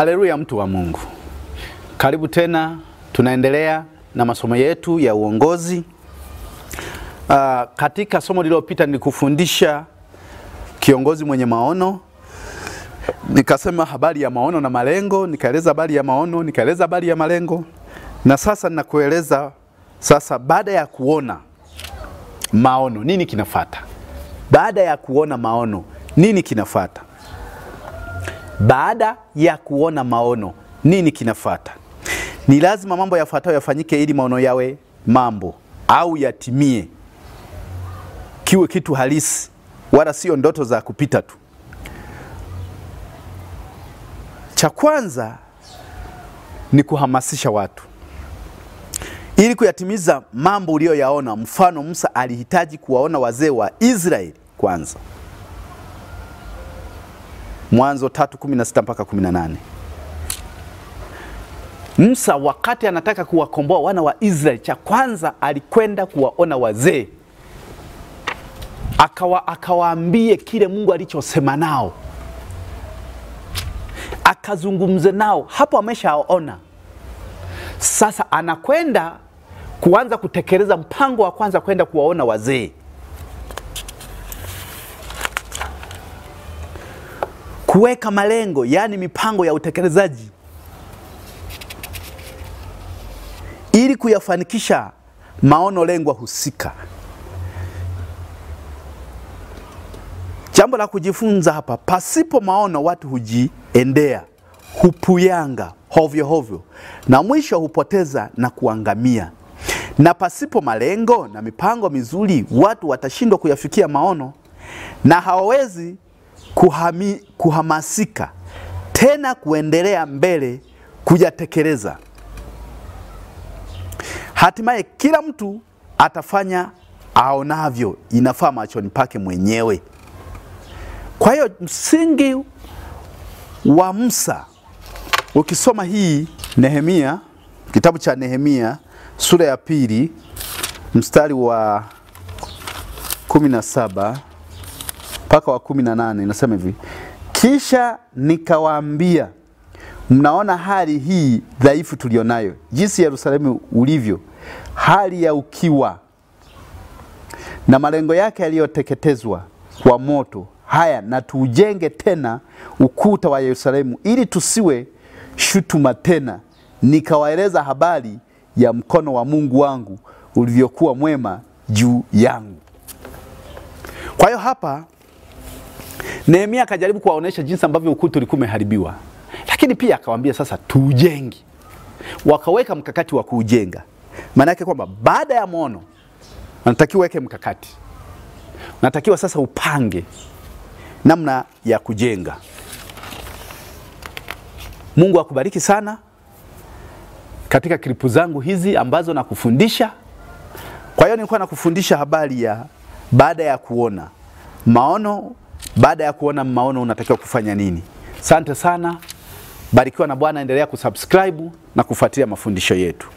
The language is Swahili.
Haleluya, mtu wa Mungu, karibu tena. Tunaendelea na masomo yetu ya uongozi. Uh, katika somo lililopita nilikufundisha kiongozi mwenye maono, nikasema habari ya maono na malengo, nikaeleza habari ya maono, nikaeleza habari ya malengo, na sasa ninakueleza sasa, baada ya kuona maono nini kinafata? Baada ya kuona maono nini kinafata? Baada ya kuona maono, nini kinafata? Ni lazima mambo yafuatayo yafanyike ili maono yawe mambo au yatimie, kiwe kitu halisi, wala sio ndoto za kupita tu. Cha kwanza ni kuhamasisha watu ili kuyatimiza mambo uliyoyaona. Mfano, Musa alihitaji kuwaona wazee wa Israeli kwanza. Mwanzo 3:16 mpaka 18. Musa wakati anataka kuwakomboa wana wa Israeli, cha kwanza alikwenda kuwaona wazee, akawa akawaambie kile Mungu alichosema nao, akazungumze nao. Hapo ameshaona sasa, anakwenda kuanza kutekeleza mpango wa kwanza, kwenda kuwaona wazee. kuweka malengo, yaani mipango ya utekelezaji ili kuyafanikisha maono lengwa husika. Jambo la kujifunza hapa, pasipo maono watu hujiendea, hupuyanga hovyo hovyo, na mwisho hupoteza na kuangamia. Na pasipo malengo na mipango mizuri, watu watashindwa kuyafikia maono na hawawezi kuhami, kuhamasika tena kuendelea mbele kuyatekeleza. Hatimaye kila mtu atafanya aonavyo inafaa machoni pake mwenyewe. Kwa hiyo msingi wa Musa ukisoma hii Nehemia, kitabu cha Nehemia sura ya pili mstari wa 17 mpaka wa kumi na nane inasema hivi, kisha nikawaambia, mnaona hali hii dhaifu tulionayo, jinsi Yerusalemu ulivyo, hali ya ukiwa na malengo yake yaliyoteketezwa kwa moto. Haya, na tuujenge tena ukuta wa Yerusalemu, ili tusiwe shutuma tena. Nikawaeleza habari ya mkono wa Mungu wangu ulivyokuwa mwema juu yangu. Kwa hiyo hapa Nehemia akajaribu kuwaonesha jinsi ambavyo ukuta ulikuwa umeharibiwa, lakini pia akawaambia sasa tuujenge. Wakaweka mkakati wa kuujenga. Maana yake kwamba baada ya maono unatakiwa weke mkakati, unatakiwa sasa upange namna ya kujenga. Mungu akubariki sana katika klipu zangu hizi ambazo nakufundisha. Kwa hiyo nilikuwa nakufundisha habari ya baada ya kuona maono baada ya kuona maono unatakiwa kufanya nini. Asante sana, barikiwa na Bwana, endelea kusubscribe na kufuatilia mafundisho yetu.